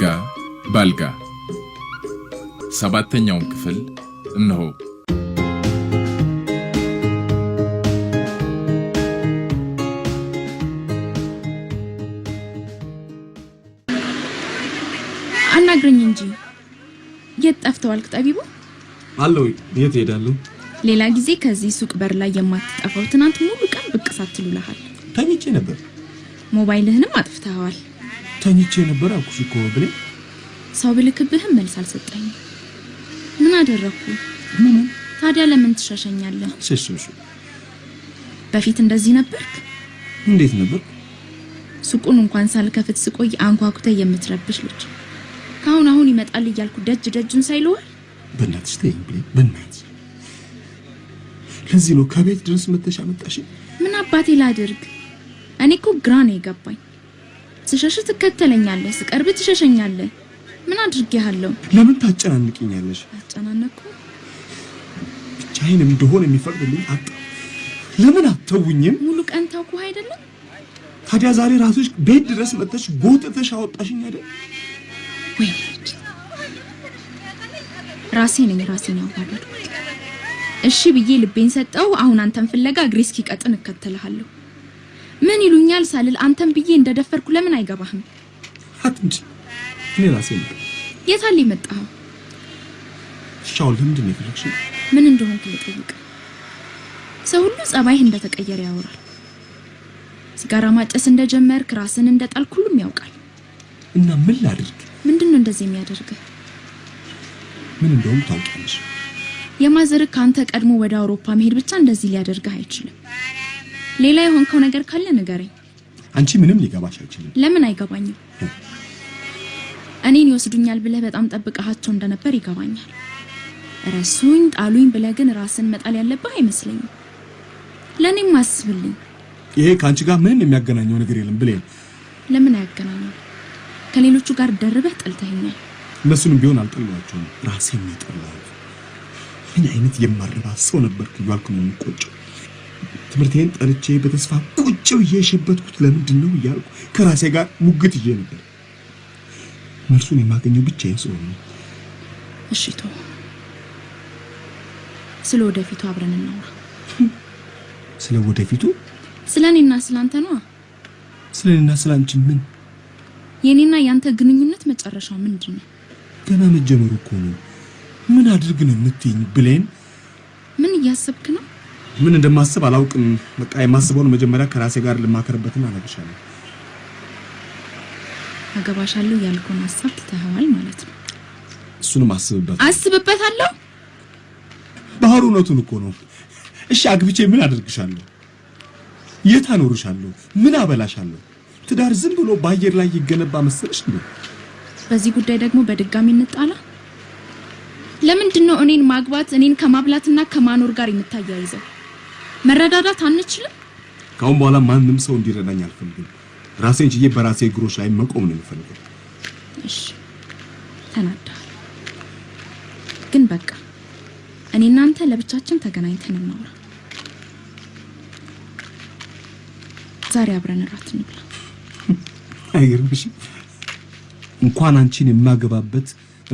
አልጋ ባልጋ ሰባተኛውን ክፍል እነሆ። አናግረኝ እንጂ የት ጠፍተዋል ጠቢቡ? አለው የት ሄዳለሁ? ሌላ ጊዜ ከዚህ ሱቅ በር ላይ የማትጠፋው ትናንት ሙሉ ቀን ብቅ ሳትሉ ልሃል። ተኝቼ ነበር። ሞባይልህንም አጥፍተኸዋል። ተኝቼ ነበር አልኩሽ እኮ ብሌን። ሰው ብልክብህም መልስ አልሰጠኝ ምን አደረግኩ? ምን ታዲያ ለምን ትሸሸኛለህ? ሽሽሽ በፊት እንደዚህ ነበርክ? እንዴት ነበር? ሱቁን እንኳን ሳልከፍት ስቆይ አንኳኩተ የምትረብሽ ልጅ ከአሁን አሁን ይመጣል እያልኩ ደጅ ደጁን ሳይለዋል። በእናትሽ ተይኝ ብሌን፣ በእናትሽ ለዚህ ነው ከቤት ድረስ መተሻ መጣሽ? ምን አባቴ ላድርግ? እኔ እኮ ግራ ነው የገባኝ። ስሸሽ ትከተለኛለህ፣ ስቀርብ ትሸሸኛለህ። ምን አድርጌሃለሁ? ለምን ታጨናንቅኛለሽ? አጨናነቅኩ? ብቻዬን እንደሆነ የሚፈቅድልኝ አጣ። ለምን አተውኝም? ሙሉ ቀን ታውኩህ አይደለም? ታዲያ ዛሬ ራስሽ ቤት ድረስ መጥተሽ ጎትተሽ አወጣሽኝ አይደል? ወይ ራሴ ነኝ ነው ያዋረድኩት። እሺ ብዬ ልቤን ሰጠው። አሁን አንተን ፍለጋ እግሬ እስኪቀጥን እከተልሃለሁ። ምን ይሉኛል ሳልል አንተን ብዬ እንደደፈርኩ ለምን አይገባህም? አትንጭ እኔ ራሴ ነው። የታል የመጣኸው? ሻውል ለምንድን ነው የፈለግሽኝ? ምን እንደሆንክ ልጠይቅ። ሰው ሁሉ ጸባይህ እንደተቀየረ ያወራል። ሲጋራ ማጨስ እንደጀመርክ ራስን እንደጣልክ ሁሉም ያውቃል። እና ምን ላድርግ? ምንድን ነው እንደዚህ የሚያደርግህ? ምን እንደሆነ ታውቂያለሽ። የማዘርህ ከአንተ ቀድሞ ወደ አውሮፓ መሄድ ብቻ እንደዚህ ሊያደርግህ አይችልም። ሌላ የሆንከው ነገር ካለ ንገረኝ። አንቺ ምንም ሊገባሽ አይችልም። ለምን አይገባኝም? እኔን ይወስዱኛል ብለህ በጣም ጠብቀሃቸው እንደነበር ይገባኛል። ረሱኝ ጣሉኝ ብለህ ግን ራስን መጣል ያለብህ አይመስለኝም። ለእኔም አስብልኝ። ይሄ ከአንቺ ጋር ምንም የሚያገናኘው ነገር የለም። ብለህ ለምን አያገናኘው? ከሌሎቹ ጋር ደርበህ ጠልተኸኛል። እነሱንም ቢሆን አልጠሏቸውም፣ ራሴን ነው የጠላሁት። ምን አይነት የማረባ ሰው ነበርክ እያልኩ ነው ትምህርቴን ጠልቼ በተስፋ ቁጭ ብዬ የሸበትኩት ለምንድን ነው እያልኩ ከራሴ ጋር ሙግት እዬ ነበር። መልሱን የማገኘው ብቻዬን ስሆን ነው። እሽቶ ስለ ወደፊቱ አብረን እናውራ። ስለ ወደፊቱ? ስለ እኔና ስለ አንተ ነዋ። ስለ እኔና ስለ አንቺ ምን? የእኔና የአንተ ግንኙነት መጨረሻው ምንድን ነው? ገና መጀመሩ እኮ ነው። ምን አድርግ ነው የምትይኝ ብሌን? ምን እያሰብክ ነው? ምን እንደማስብ አላውቅም። በቃ የማስበውን መጀመሪያ ከራሴ ጋር ልማከርበትን አነግርሻለሁ። አገባሻለሁ ያልኩን ሀሳብ ትተኸዋል ማለት ነው። እሱንም አስብበት አስብበታለሁ። ባህሩ እውነቱን እኮ ነው። እሺ አግብቼ ምን አደርግሻለሁ? የት አኖርሻለሁ? ምን አበላሻለሁ? ትዳር ዝም ብሎ በአየር ላይ ይገነባ መሰለሽ እንዴ? በዚህ ጉዳይ ደግሞ በድጋሚ እንጣላ። ለምንድን ነው እኔን ማግባት እኔን ከማብላትና ከማኖር ጋር የምታያይዘው? መረዳዳት አንችልም። ከአሁን በኋላ ማንም ሰው እንዲረዳኝ አልፈልግም። ራሴን ችዬ በራሴ እግሮች ላይ መቆም ነው የምፈልገው። እሺ፣ ተናዳል። ግን በቃ እኔ እናንተ ለብቻችን ተገናኝተን እናውራ። ዛሬ አብረን እራት እንብላ። አይገርምሽ? እንኳን አንቺን የማገባበት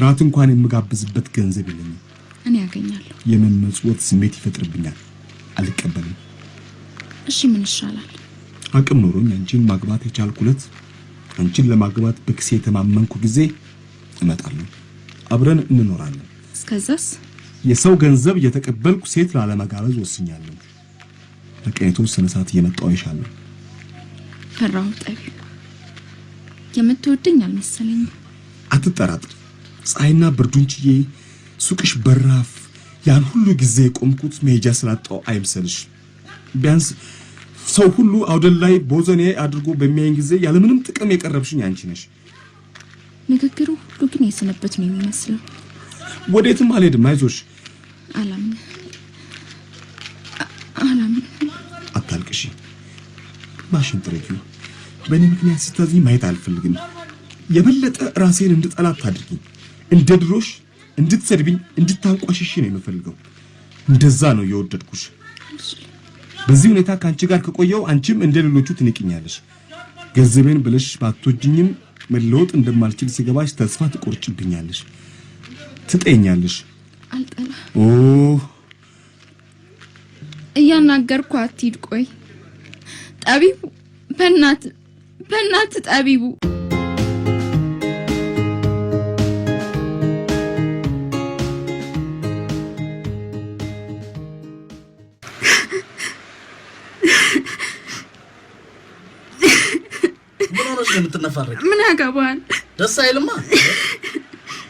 ራት እንኳን የምጋብዝበት ገንዘብ የለኝም። እኔ ያገኛለሁ። የመመጽወት ስሜት ይፈጥርብኛል። አልቀበልም። እሺ ምን ይሻላል? አቅም ኖሮኝ አንቺን ማግባት የቻልኩለት አንቺን ለማግባት በክሴ የተማመንኩ ጊዜ እመጣለሁ፣ አብረን እንኖራለን። እስከዛስ የሰው ገንዘብ የተቀበልኩ ሴት ላለመጋበዝ ወስኛለሁ። በቀይቱ ስነ ሰዓት እየመጣሁ ይሻለሁ። ፈራሁ። ጠቢ የምትወደኝ አልመሰለኝም። አትጠራጥር። ፀሐይና ብርዱን ችዬ ሱቅሽ በራፍ ያን ሁሉ ጊዜ የቆምኩት መሄጃ ስላጣው አይምሰልሽ። ቢያንስ ሰው ሁሉ አውደል ላይ ቦዘኔ አድርጎ በሚያይን ጊዜ ያለምንም ጥቅም የቀረብሽኝ አንቺ ነሽ። ንግግሩ ሁሉ ግን የሰነበት ነው የሚመስለው። ወዴትም አልሄድም፣ አይዞሽ። አላምን አላምን። አታልቅሺ። ማሽን ጥረጊ። በእኔ ምክንያት ስታዝኝ ማየት አልፈልግም። የበለጠ ራሴን እንድጠላት አድርጊ። እንደ ድሮሽ እንድትሰድብኝ እንድታንቆሽሽ ነው የምፈልገው። እንደዛ ነው የወደድኩሽ። በዚህ ሁኔታ ከአንቺ ጋር ከቆየው አንቺም እንደ ሌሎቹ ትንቅኛለሽ። ገንዘቤን ብለሽ ባትወጂኝም መለወጥ እንደማልችል ሲገባሽ ተስፋ ትቆርጭብኛለሽ፣ ትጠኛለሽ። አልጠላ ኦ እያናገርኩ አትሂድ። ቆይ ጠቢቡ፣ በእናትህ በእናትህ ጠቢቡ የምትነፋረቅ? ምን ያገባል? ደስ አይልማ።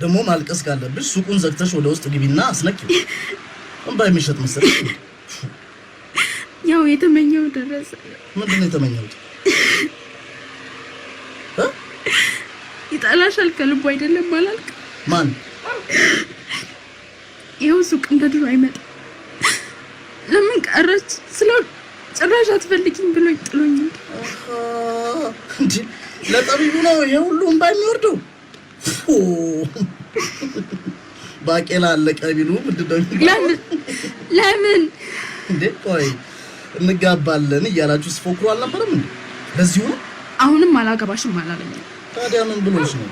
ደግሞ ማልቀስ ካለብሽ ሱቁን ዘግተሽ ወደ ውስጥ ግቢና አስነቂ። እንባ የሚሸጥ መሰለሽ? ያው የተመኘው ደረሰ። ምንድን ነው የተመኘው? ይጠላሻል ከልቡ አይደለም አላልክ? ማን ይኸው ሱቅ እንደ ድሮ አይመጣም። ለምን ቀረች ስለው ጭራሽ አትፈልጊም ብሎኝ ጥሎኛል። ለጠቢቡ ነው ይሄ ሁሉም ባይሚወርደው ባቄላ አለ ቀቢሉ ምንድነው? ለምን ለምን እንዴ? ቆይ እንጋባለን እያላችሁ ስፎክሩ አልነበረም እንዴ? በዚሁ ነው። አሁንም አላገባሽም አላለኝ። ታዲያ ምን ብሎሽ ነው?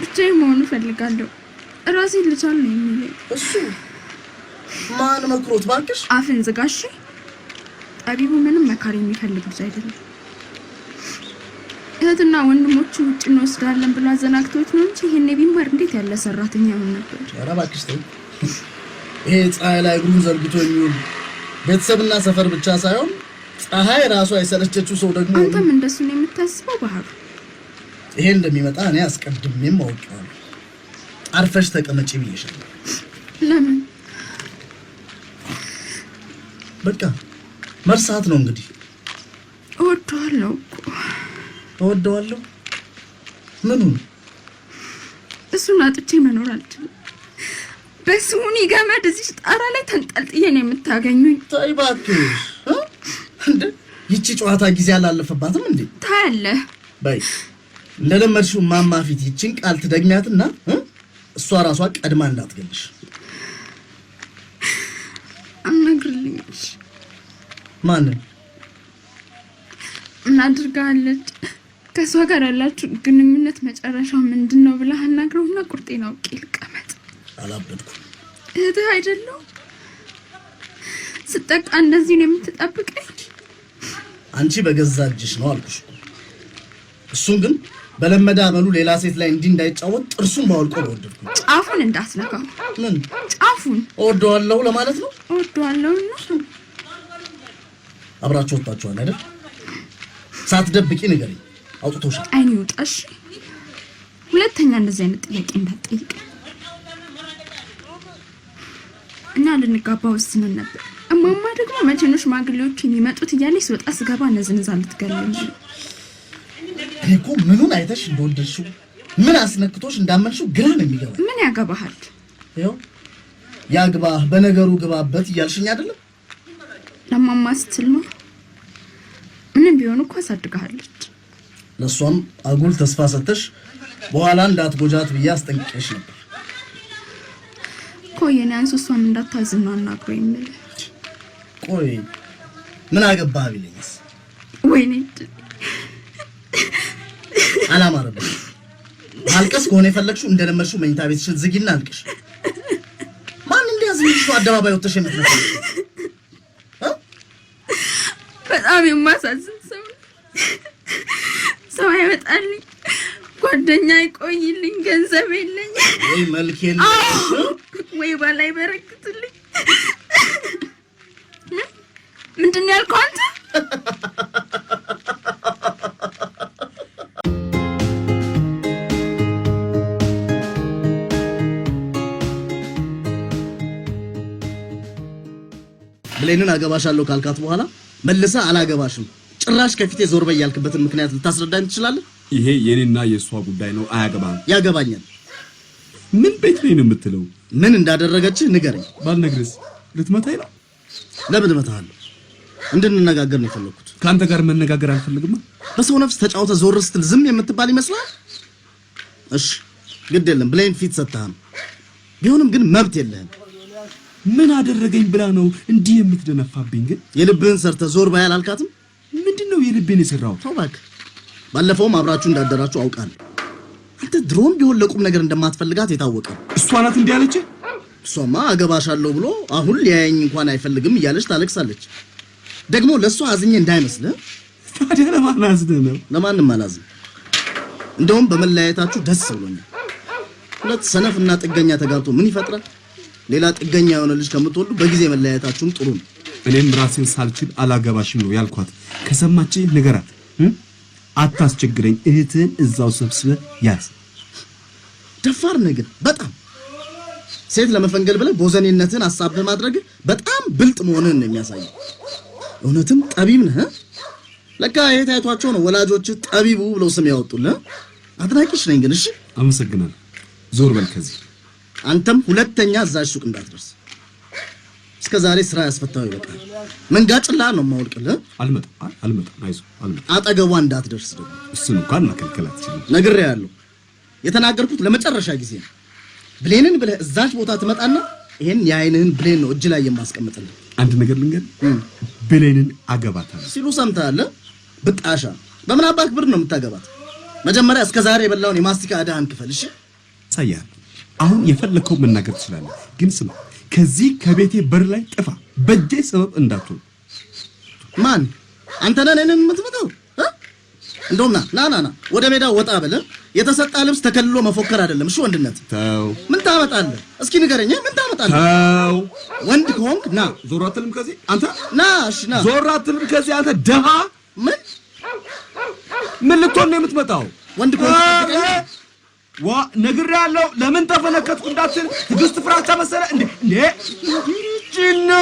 ብቻዬን መሆን እፈልጋለሁ። ራሴን ልቻል ነው የሚለኝ። እሱ ማን መክሮት? እባክሽ አፍን ዝጋሽ። ጠቢቡ ምንም መካሪ የሚፈልግ ልጅ አይደለም። እህትና ወንድሞቹ ውጭ እንወስዳለን ብሎ አዘናግቶት ነው እንጂ ይሄኔ ቢማር እንዴት ያለ ሰራተኛ ምን ነበር። ኧረ እባክሽ ተይ። ይሄ ፀሐይ ላይ እግሩን ዘርግቶ የሚውል ቤተሰብና ሰፈር ብቻ ሳይሆን ፀሐይ ራሱ አይሰለቸችው ሰው ደግሞ አንተም እንደሱ ነው የምታስበው ባህሩ። ይሄ እንደሚመጣ እኔ አስቀድሜም አውቄዋለሁ። አርፈሽ ተቀመጪ ብዬሻለሁ። ለምን በቃ መርሳት ነው እንግዲህ። እወደዋለሁ እኮ እወደዋለሁ። ምኑን? እሱን አጥቼ መኖር አልችልም። በስሙኒ ገመድ እዚህ ጣራ ላይ ተንጠልጥዬ ነው የምታገኙኝ። ተይ እባክሽ እንዴ! ይቺ ጨዋታ ጊዜ አላለፈባትም እንዴ? ታያለህ። በይ እንደለመድሽው ማማ ፊት ይቺን ቃል ትደግሚያትና እሷ ራሷ ቀድማ እንዳትገልሽ ማንን እናድርጋለች? ከእሷ ጋር ያላችሁ ግንኙነት መጨረሻው ምንድን ነው ብለህ አናግረውና ቁርጤን አውቄ ልቀመጥ። አላበድኩም። እህትህ አይደለሁም? ስጠቃ እንደዚህ ነው የምትጠብቀኝ? አንቺ በገዛ እጅሽ ነው አልኩሽ። እሱን ግን በለመደ አመሉ ሌላ ሴት ላይ እንዲህ እንዳይጫወት ጥርሱን ባወልቆ ወደድኩ። ጫፉን እንዳትነካው። ምን ጫፉን? እወደዋለሁ ለማለት ነው። እወደዋለሁ ነው አብራችሁ ወጣችኋል አይደል? ሳትደብቂ ንገሪኝ። አውጥቶሻል። አይኔ ይውጣሽ። ሁለተኛ እንደዚህ አይነት ጥያቄ እንዳትጠይቅ። እኛ ልንጋባ ወስነን ነበር። እማማ ደግሞ መቼ ነው ሽማግሌዎች የሚመጡት እያለች ስወጣ ስገባ ነዝንዛ ልትገለኝ። እኔ እኮ ምኑን አይተሽ እንደወደድሽው ምን አስነክቶሽ እንዳመንሽው ግራ ነው የሚገባ። ምን ያገባሃል? ያው ያግባህ፣ በነገሩ ግባበት እያልሽኝ አይደለም ለማማ ስትል ነው። ምንም ቢሆን እኮ አሳድጋለች። ለእሷም አጉል ተስፋ ሰተሽ በኋላ እንዳትጎጃት ብዬ አስጠንቅቄሽ ነበር እኮ የኔ አንስ አናግሮ ቆይ ምን ቢለኝስ? ወይኔ አላማረብሽ። ከሆነ የፈለግሽው እንደለመድሽው መኝታ ቤትሽን ዝጊና አልቅሽ። ማን አደባባይ ወጥተሽ በጣም የማሳዝን ሰው ሰው አይመጣልኝ፣ ጓደኛ አይቆይልኝ፣ ገንዘብ የለኝ፣ ወይ መልክ የለኝ፣ ወይ ባል በረክትልኝ። ምንድን ነው ያልከው አንተ? ብሌንን አገባሻለሁ ካልካት በኋላ መልሰ አላገባሽም ጭራሽ ከፊቴ ዞር በይ ያልክበትን ምክንያት ልታስረዳኝ ትችላለህ? ይሄ የኔና የእሷ ጉዳይ ነው። አያገባም። ያገባኛል። ምን ቤት ላይ ነው የምትለው? ምን እንዳደረገች ንገረኝ። ባልነግርስ ልትመታኝ ነው። ለምን እመታሃለሁ? እንድንነጋገር ነው የፈለግኩት። ከአንተ ጋር መነጋገር አልፈልግማ። በሰው ነፍስ ተጫውተ ዞር ስትል ዝም የምትባል ይመስላል? እሺ ግድ የለም ብሌን ፊት ሰጥተሃም ቢሆንም ግን መብት የለህም። ምን አደረገኝ ብላ ነው እንዲህ የምትደነፋብኝ? ግን የልብህን ሰርተ ዞር ባይ አላልካትም? ምንድን ነው የልብህን የሰራሁት? ተው እባክህ። ባለፈውም አብራችሁ እንዳደራችሁ አውቃለሁ። አንተ ድሮም ቢሆን ለቁም ነገር እንደማትፈልጋት የታወቀ እሷ ናት እንዲህ አለችህ? እሷማ አገባሻለሁ ብሎ አሁን ሊያየኝ እንኳን አይፈልግም እያለች ታለቅሳለች። ደግሞ ለእሷ አዝኜ እንዳይመስልህ። ታዲያ ለማን አዝነህ ነው? ለማንም አላዝም። እንደውም በመለያየታችሁ ደስ ብሎኛል። ሁለት ሰነፍና ጥገኛ ተጋብቶ ምን ይፈጥራል? ሌላ ጥገኛ የሆነ ልጅ ከምትወልዱ በጊዜ መለያየታችሁም ጥሩ ነው። እኔም ራሴን ሳልችል አላገባሽም ነው ያልኳት። ከሰማች ንገራት፣ አታስቸግረኝ። እህትህን እዛው ሰብስበ ያዝ። ደፋር ነገር በጣም ሴት ለመፈንገል ብለህ ቦዘኔነትን ሀሳብ በማድረግ በጣም ብልጥ መሆንን ነው የሚያሳየው። እውነትም ጠቢብ ነህ። ለካ የት አይቷቸው ነው ወላጆች ጠቢቡ ብለው ስም ያወጡልህ። አድናቂሽ ነኝ ግን። እሺ፣ አመሰግናለሁ። ዞር በል ከዚህ አንተም ሁለተኛ እዛች ሱቅ እንዳትደርስ። እስከ ዛሬ ስራ ያስፈታው ይበቃል። መንጋጭላ ነው የማወልቅልህ። አልመጣም፣ አልመጣም፣ አይዞህ፣ አልመጣም። አጠገቧ እንዳትደርስ ደግሞ እሱን እንኳን መከልከል አትችልም። ነግሬሃለሁ። የተናገርኩት ለመጨረሻ ጊዜ ነው። ብሌንን ብለህ እዛች ቦታ ትመጣና ይሄን የአይንህን ብሌን ነው እጅ ላይ የማስቀምጥልህ። አንድ ነገር ልንገር፣ ብሌንን አገባታለሁ ሲሉ ሰምተሃል? ብጣሻ፣ በምን አባት ብር ነው የምታገባት? መጀመሪያ እስከ ዛሬ የበላውን የማስቲካ ዕዳህን ክፈል። እሺ፣ ሳያለሁ አሁን የፈለከው መናገር ትችላለህ፣ ግን ስማ፣ ከዚህ ከቤቴ በር ላይ ጥፋ። በእጄ ሰበብ እንዳትሆን። ማን አንተ ነህ? እኔን የምትመጣው እንደውም ና ና ና ና ወደ ሜዳ ወጣ በለ። የተሰጣ ልብስ ተከልሎ መፎከር አይደለም። እሺ ወንድነት ተው። ምን ታመጣለህ? እስኪ ንገረኝ፣ ምን ታመጣለህ? ተው። ወንድ ከሆንክ ና። ዞር አትልም ከዚህ አንተ። ና እሺ ና። ዞር አትልም ከዚህ አንተ ደሃ። ምን ምን ልትሆን ነው የምትመጣው? ወንድ ከሆንክ ዋ ነግር ያለው ለምን ተፈነከትኩ እንዳትል ትግስት ፍራቻ መሰለ እንዴ እንዴ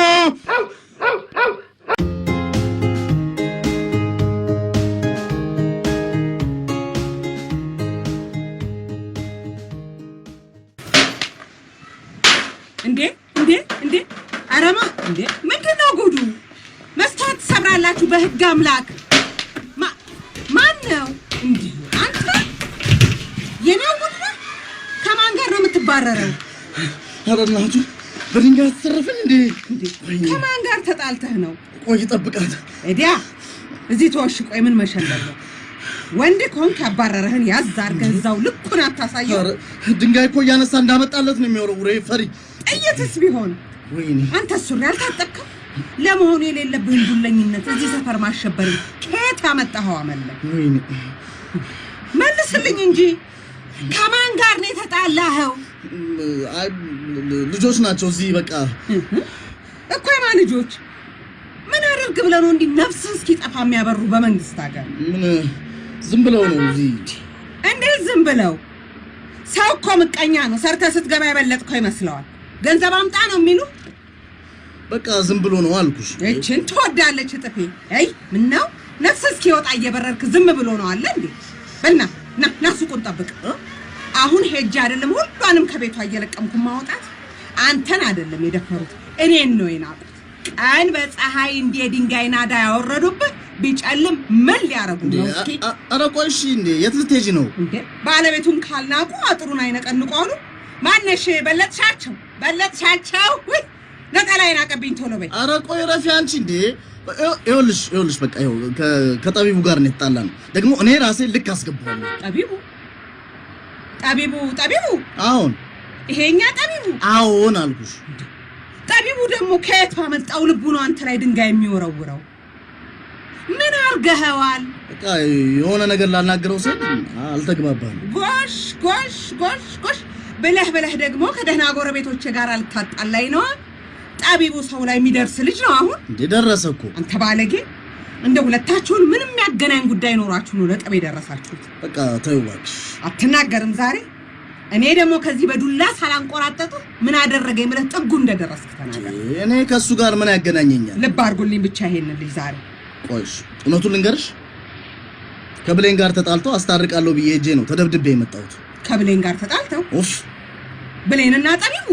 አጋልተህ ነው። ቆይ ጠብቃት እዲያ እዚህ ተወሽ። ቆይ ምን መሸለል ወንድ ከሆንክ ያባረረህን ያዝ አድርገህ እዛው ልኩን አታሳየው። ድንጋይ እኮ እያነሳ እንዳመጣለት ነው ፈሪ ጥይትስ ቢሆን አንተ ሱሪ አልታጠብክም ለመሆኑ የሌለብህን ዱለኝነት እዚህ ሰፈር ማሸበር ከየት ያመጣኸው? አመለ መልስልኝ እንጂ ከማን ጋር ነው የተጣላኸው? ልጆች ናቸው እዚህ በቃ እኮ የማን ልጆች ጥግ ብለህ ነው እንዲህ ነፍስህ እስኪጠፋ የሚያበሩ በመንግስት ሀገር። ምን ዝም ብለው ነው እዚህ? እንዴት ዝም ብለው? ሰው እኮ ምቀኛ ነው። ሰርተ ስትገባ የበለጥኮ ይመስለዋል። ገንዘብ አምጣ ነው የሚሉ። በቃ ዝም ብሎ ነው አልኩሽ። እችን ትወዳለች እጥፌ። አይ ነው ነፍስ እስኪወጣ እየበረርክ ዝም ብሎ ነው አለ እንዴ? በልና ና ና፣ ሱቁን ጠብቅ። አሁን ሄጄ አይደለም ሁሏንም ከቤቷ እየለቀምኩ ማውጣት። አንተን አይደለም የደፈሩት እኔን ነው የናቁ ቀን በፀሐይ እንደ ድንጋይ ናዳ ያወረዱብህ ቢጨልም ምን ሊያረጉ ነው? ኧረ ቆይ እሺ፣ እንዴ የት ልትሄጂ ነው? ባለቤቱን ካልናቁ አጥሩን አይነቀንቁ ማነሽ? በለጥሻቸው፣ በለጥሻቸው። ነጠላዬን አቀብኝ ቶሎ በይ። ኧረ ቆይ ረፊ አንቺ እንዴ ይኸውልሽ፣ ይኸውልሽ በቃ ይኸው ከጠቢቡ ጋር ነው የተጣላ ነው። ደግሞ እኔ ራሴ ልክ አስገባሁ። ጠቢቡ ጠቢቡ ጠቢቡ? አሁን ይሄኛ ጠቢቡ? አሁን አልኩሽ። ልቡ ደግሞ ከየት ባመጣው ልቡ ነው አንተ ላይ ድንጋይ የሚወረውረው? ምን አርገኸዋል? በቃ የሆነ ነገር ላናገረው ስል አልተግባባም። ጎሽ ጎሽ ጎሽ ጎሽ ብለህ ብለህ ደግሞ ከደህና ጎረቤቶች ጋር ላይ ነው። ጠቢቡ ሰው ላይ የሚደርስ ልጅ ነው። አሁን እንደደረሰ እኮ አንተ ባለጌ፣ እንደ ሁለታችሁን ምንም የሚያገናኝ ጉዳይ ኖራችሁ ነው ለጠብ የደረሳችሁት። በቃ ተይው አትናገርም ዛሬ እኔ ደግሞ ከዚህ በዱላ ሳላንቆራጠጡ ምን አደረገ ብለህ ጥጉ እንደደረስክ ተናገር። እኔ ከእሱ ጋር ምን ያገናኘኛል? ልብ አድርጉልኝ ብቻ ይሄን ልጅ ዛሬ። ቆይሽ እውነቱን ልንገርሽ፣ ከብሌን ጋር ተጣልተው አስታርቃለሁ ብዬ እጄ ነው ተደብድቤ የመጣሁት። ከብሌን ጋር ተጣልተው? ኡፍ እና ጠቢቡ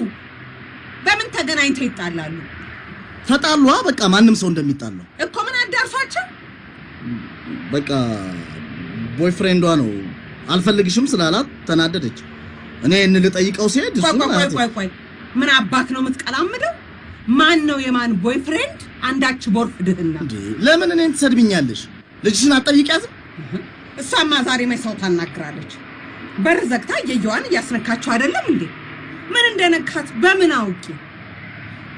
በምን ተገናኝተው ይጣላሉ? ተጣሏ። በቃ ማንም ሰው እንደሚጣላው? እኮ ምን አዳርሷቸው? በቃ ቦይፍሬንዷ ነው አልፈልግሽም ስላላት ተናደደች። እኔ እን ልጠይቀው ሲሄድ እሱ ቆይ ቆይ ቆይ ምን አባክ ነው የምትቀላምደው? ማን ነው የማን ቦይፍሬንድ? አንዳች ቦርፍ ድህና ለምን እኔን ትሰድብኛለሽ? ልጅሽን አትጠይቂያትም? እሷማ ዛሬ መች ሰው ታናግራለች? በር ዘግታ እየየዋን እያስነካችሁ አይደለም እንዴ? ምን እንደነካት በምን አውቂ?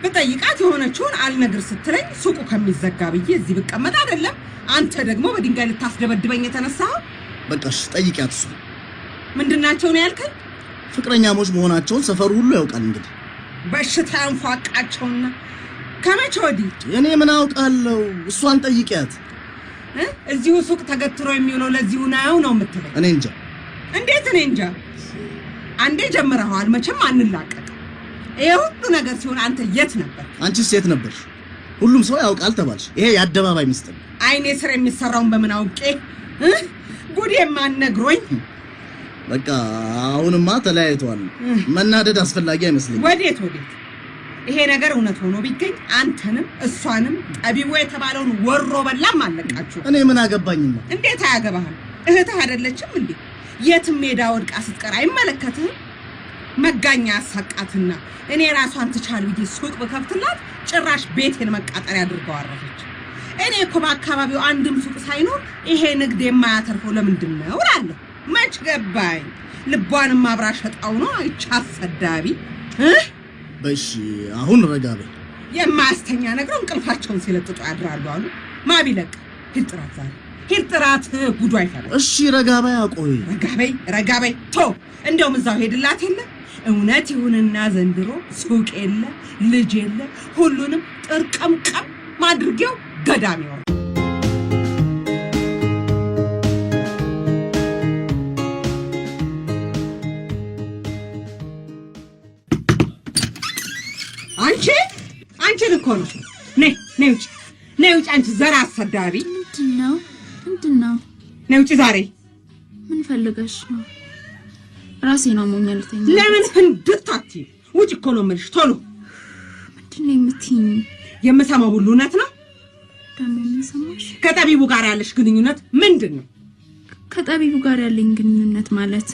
በጠይቃት የሆነችውን አልነግር ስትለኝ ሱቁ ከሚዘጋ ብዬ እዚህ ብቀመጥ አይደለም አንተ ደግሞ በድንጋይ ልታስደበድበኝ የተነሳኸው። በቃሽ ጠይቂያት። እሱ ምንድናቸው ነው ያልከኝ? ፍቅረኛሞች መሆናቸውን ሰፈሩ ሁሉ ያውቃል። እንግዲህ በሽታ ያንፏቃቸውና ከመቼ ወዲህ እኔ ምን አውቃለሁ? እሷን ጠይቂያት። እዚሁ ሱቅ ተገትሮ የሚውለው ለዚሁ ናየው ነው የምትለኝ? እኔ እንጃ። እንዴት እኔ እንጃ? አንዴ ጀምረኸዋል፣ መቼም አንላቀቅ። ይሄ ሁሉ ነገር ሲሆን አንተ የት ነበር? አንቺስ የት ነበር? ሁሉም ሰው ያውቃል ተባልሽ። ይሄ የአደባባይ ምስጢር አይኔ ስር የሚሰራውን በምን አውቄ ጉዴ ማነግሮኝ በቃ አሁንማ ተለያይቷል። መናደድ አስፈላጊ አይመስልኝ። ወዴት ወዴት? ይሄ ነገር እውነት ሆኖ ቢገኝ አንተንም እሷንም ጠቢቦ የተባለውን ወሮ በላም አለቃችሁ። እኔ ምን አገባኝና? እንዴት አያገባህም? እህትህ አይደለችም እንዴ? የትም ሜዳ ወድቃ ስትቀር አይመለከትህም? መጋኛ አሳቃትና እኔ ራሷን ትቻል ብዬ ሱቅ በከፍትላት ጭራሽ ቤቴን መቃጠሪያ አድርገው አረፈች። እኔ እኮ በአካባቢው አንድም ሱቅ ሳይኖር ይሄ ንግድ የማያተርፈው ለምንድን ነው እላለሁ። መች ገባኝ። ልቧንም ማብራ ሸጣው ነው ይቻ አሰዳቢ። እሺ አሁን ረጋ በይ። የማያስተኛ ነግረው እንቅልፋቸውን ሲለጥጡ ያድራሉ አሉ። ማቢለቅ ሂድ ጥራት፣ ዛሬ ሂድ ጥራት፣ ጉዱ አይፈራም። እሺ ረጋ በይ፣ አቆይ፣ ረጋ በይ፣ ረጋ በይ። ቶ እንደውም እዛው ሄድላት የለ እውነት ይሁንና ዘንድሮ ሱቅ የለ ልጅ የለ ሁሉንም ጥርቅምቅም ማድርጌው ገዳሚ እኮ ነው። ነይ ነይ ውጭ ነይ ውጭ አንቺ ዘራ አሰዳቢ። ምንድን ነው ምንድን ነው? ነይ ውጭ ዛሬ። ምን ፈልገሽ ነው? ራሴ ነው አሞኛል ልተኛ። ለምን ፍንድት ውጭ እኮ ነው የምልሽ። ቶሎ ምንድን ነው የምትይኝ? የምሰማው ሁሉ እውነት ነው ደግሞ የምሰማሽ። ከጠቢቡ ጋር ያለሽ ግንኙነት ምንድን ነው? ከጠቢቡ ጋር ያለኝ ግንኙነት ማለት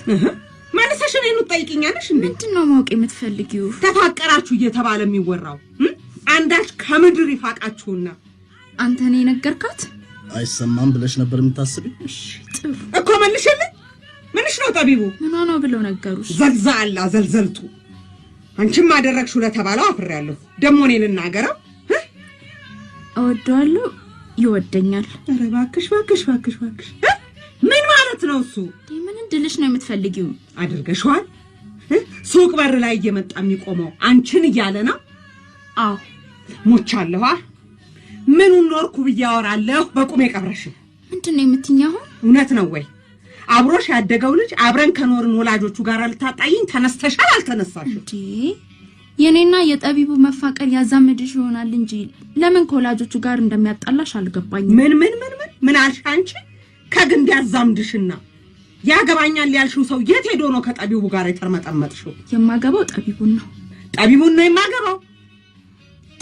መልሰሽ እኔን ትጠይቅኛለሽ? ምንድን ነው ማወቅ የምትፈልጊው? ተፋቀራችሁ እየተባለ የሚወራው አንዳች ከምድር ይፋቃችሁና አንተ እኔ የነገርካት አይሰማም ብለሽ ነበር የምታስቢ እኮ መልሽልኝ። ምንሽ ነው ጠቢቡ? ምን ሆኖ ብለው ነገሩሽ? ዘልዛላ ዘልዘልቱ። አንቺም አደረግሽ ለተባለው አፍሬያለሁ። ደግሞ እኔ ልናገረው? እወደዋለሁ፣ ይወደኛል። ኧረ እባክሽ እባክሽ እባክሽ እባክሽ! ምን ማለት ነው እሱ? ምን እንድልሽ ነው የምትፈልጊው? አድርገሽዋል። ሱቅ በር ላይ እየመጣ የሚቆመው አንቺን እያለ ነው። አዎ ሞቻለሁ። ምኑን ኖርኩ ብዬ አወራለሁ። በቁሜ ቀብረሽ ምንድን ነው የምትይኝ? አሁን እውነት ነው ወይ? አብሮሽ ያደገው ልጅ አብረን ከኖርን ወላጆቹ ጋር ልታጣይኝ ተነስተሻል? አልተነሳሽ እንዴ? የእኔና የጠቢቡ መፋቀር ያዛመድሽ ይሆናል እንጂ ለምን ከወላጆቹ ጋር እንደሚያጣላሽ አልገባኝም። ምን ምን ምን ምን ምን አልሽ አንቺ? ከግንድ ያዛምድሽና ያገባኛል ያልሽው ሰው የት ሄዶ ነው ከጠቢቡ ጋር የተርመጠመጥሽው? የማገባው ጠቢቡን ነው። ጠቢቡን ነው የማገባው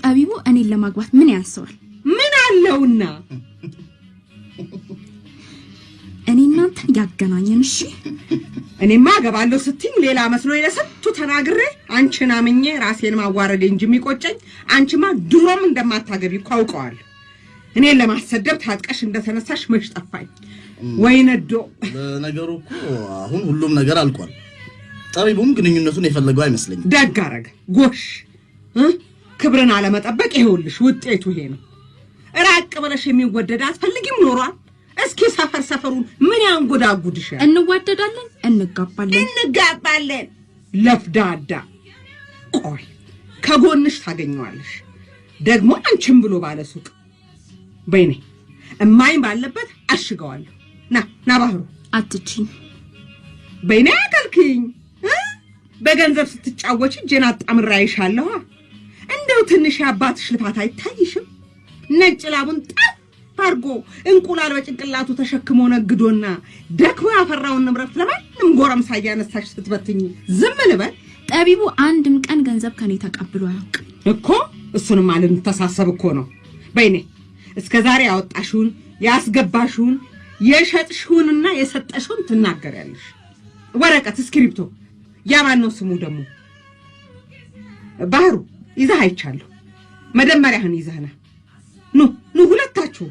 ጠቢቡ እኔን ለማግባት ምን ያንሰዋል? ምን አለውና እኔ እናንተ ያገናኘን። እሺ እኔማ እገባለሁ ስትይኝ ሌላ መስሎ የለሰቱ ተናግሬ አንቺን አምኜ ራሴን ማዋረድ እንጂ የሚቆጨኝ አንቺማ ድሮም እንደማታገቢ እኮ አውቀዋል እኔን ለማሰደብ ታጥቀሽ እንደተነሳሽ መች ጠፋኝ። ወይ ነዶ። ነገሩ እኮ አሁን ሁሉም ነገር አልቋል። ጠቢቡም ግንኙነቱን የፈለገው አይመስለኝም። ደግ አረገ ጎሽ ክብርን አለመጠበቅ ይኸውልሽ ውጤቱ ይሄ ነው። ራቅ ብለሽ የሚወደድ አትፈልጊም ኖሯል። እስኪ ሰፈር ሰፈሩን ምን ያንጎዳጉድሽ? እንዋደዳለን፣ እንጋባለን፣ እንጋባለን። ለፍዳዳ ቆይ ከጎንሽ ታገኘዋለሽ። ደግሞ አንቺም ብሎ ባለ ሱቅ በይኔ እማኝ ባለበት አሽገዋለሁ። ና ና ባህሩ አትችኝ በይኔ አከልክኝ። በገንዘብ ስትጫወች እጄን አጣምራ ይሻለኋ እንደው ትንሽ የአባትሽ ልፋት አይታይሽም? ነጭ ላቡን ጠፍ አድርጎ እንቁላል በጭንቅላቱ ተሸክሞ ነግዶና ደክሞ ያፈራውን ንብረት ለማንም ጎረምሳ እያነሳሽ ስትበትኝ ዝም ልበል? ጠቢቡ አንድም ቀን ገንዘብ ከኔ ተቀብሎ ያውቅ እኮ። እሱንም አልንተሳሰብ እኮ ነው። በይኔ እስከ ዛሬ ያወጣሽውን ያስገባሽውን የሸጥሽውንና የሰጠሽውን ትናገሪያለሽ። ወረቀት፣ እስክሪፕቶ ያማን ነው ስሙ ደግሞ? ባህሩ ይዘህ አይቻለሁ። መደመሪያህን ይዘህና ኑ ኑ ሁለታችሁ